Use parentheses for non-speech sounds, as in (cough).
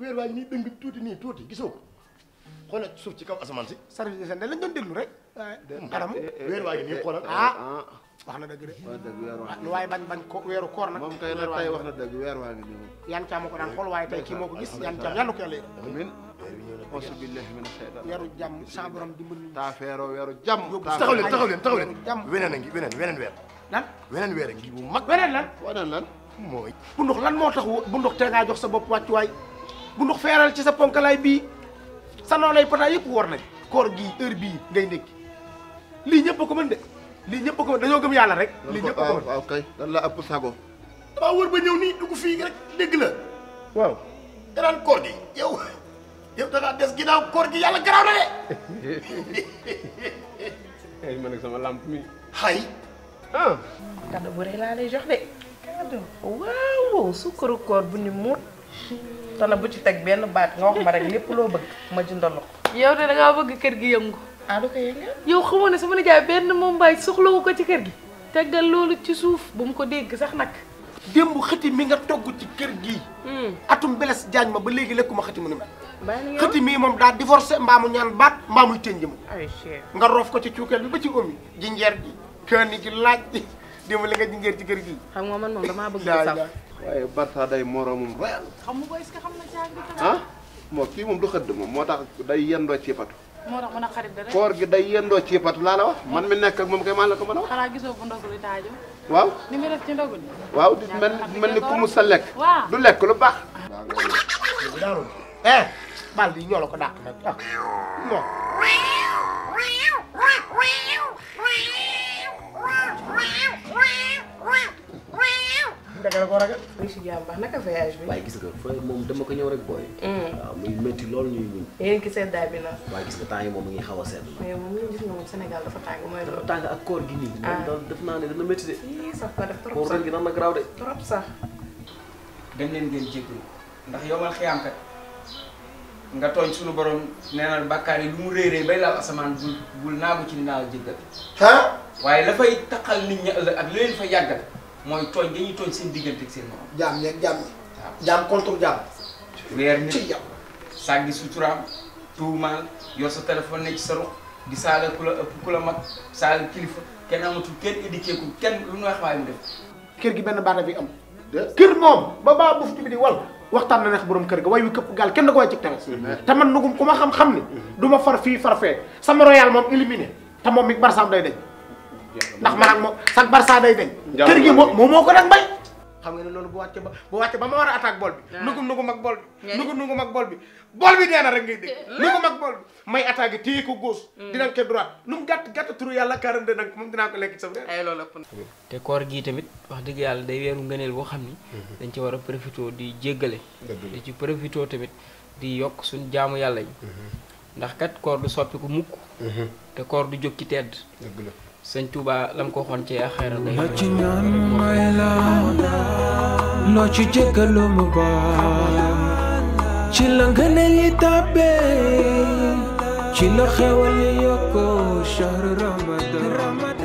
weer waa nii dëng tuuti nii tuuti gisoo ko xoolal suuf ci kaw asamaan si. service de santé lañ doon déglu rek. Eh, eh, eh, anam weer waa ngi nii xoolal ah. wax na dëgg de. wax dëgg weer waa ngi waaye bañ bañ ko weeru koor nag. moom kay nag tey wax na dëgg weer waa ngi nii. yan caama ko daan xool waaye tey kii moo ko gis yan caam yàlla ko yàlla yëg. amiin. auzubillahi mina shaytaan. weeru jàmm sa borom dimbali. taafeero weeru jàmm. taxaw leen taxaw leen taxaw weneen a ngi weneen weneen weer. lan weneen weer a ngi bu mag. weneen lan. weneen lan mooy. bu ndox lan moo tax bu ndox tee ngaa jox sa bopp wàccuwaay bu ndox feeral ci sa ponkalaay bii sa noolay pataay yëpp war nañ koor gii heure bii ngay ndékki lii ñëpp ko mën de lii ñëpp ko mën dañoo gëm yàlla rek lii ñëpp ko waaw kay dan la ëpp sago damaa wër ba ñëw nii dugg fii rek dégg la waaw danaan koor gi yow yow danaa des ginnaaw koor gi yàlla garaaw na de (laughs) ay man sama lamp mi hay ah kàddu bu rëy laa lay jox de kàddu waaw sukkaru koor bu ni mut te nag bu ci teg benn baat nga wax ma rek lépp loo bëgg ma jëndal la ko. yow de da bëgg kër gi yëngu. ah du ko yëngal. yow xamoo ne sama nijaay benn moom mbaay soxlawu ko ci kër gi. teggal loolu ci suuf bu mu ko dégg sax nag. démb xëti mi nga togg ci kër gii. Hmm. atum beles jaañ ma ba léegi lekkuma xëti mu ni mel. xëti mii moom daa divorcé mbaa mu ñaan baat mbaa muy tënj mu. nga roof ko ci cuukeel bi ba ci omi jinjeer gi. kaani gi laaj gi démb li nga jinjeer ci kër gi xam nga man moom damaa bëgg waaye Barça day moroomum Real. xam nga ko est-ce que ah moo kii moom du xëdd moom moo tax day yendoo ci patu. moo tax mën a xarit rek. koor gi day yendoo ci patu laa la wax man mi nekk ak moom kay maa ko mën a wax. xanaa gisoo bu ndogu li taaju. waaw ni mu di mel ni mel sa lekk. du lekk lu baax. waaw eh, bal bi ñoo ko dàq nag ah, la ko ragal. muy si jàmm baax naka voyage bi. waaye gis nga fa moom dama ko ñëw rek booy. Mm. waaw muy métti lool ñuy ñun. yéen ki seddaay bi la. waaye gis nga temps yi moom mu ngi xaw a sedd. mais moom ñun gis nga moom Sénégal dafa tàng ak koor gi nii. moom ah. def naa ne dana métti de. ii sax ko def trop sax koor ren gi nan la garaaw de. dem leen ngeen jégalu ndax yomal xiyaam kat nga tooñ suñu borom nee na bàkkaar yi lu mu réeréer bay laal asamaan bul bul naagu ci dinaa jéggal. ah waaye la fay taxal nit ñi ëllëg ak lu leen fa mooy tooñ dañuy tooñ seen diggante ak seen morom. jaam yeeg jaam yi. waaw jaam contre jaam. weer nit ci jaam. sàggi suturaam tuumaal yor sa téléphone ne ci sa ruq di saala ku la ëpp ku la mag saala kilifa kenn amatul kenn kenn lu ñu wax waaye mu def. kër gi benn baata bi am. kër moom ba baa buftu bi di wal. waxtaan na neex borom kër ga way wi këpp gaal kenn da ko ci teres te man nugum ku ma xam-xam ni du ma far fii far fee sama royal moom éliminé te moom mi barsaam day deñ ndax man ak moom sax Barça day deñ kër gi moo moo ko nag mbay xam nga ne loolu bu wàcce ba bu wàcce ba ma war a attaque bool bi ah. nugum nugum ak bool bi nugum bool bi bool bi dee na rek ngay dégg hmm? nugum ak bool bi may attaque téye ko gauche hmm. dina ko droite lu mu gàtt gàtt turu yàlla quarante nag moom dinaa ko lekk sa ay loolu koor gii tamit wax dëgg yàlla day weeru ngëneel boo xam ni hmm. dañ ci war a profité di jéggale di ci profité tamit di yokk suñ jaamu yàlla yi ndax kat koor du ko mukk te koor du jóg ki tedd sëñ Touba lam ko waxoon ci axeera day loo ci ñaan may la loo ci jëkkalu mu baal ci la ngëneel yi tàbbee ci la xewal yi yokkoo shahru ramadan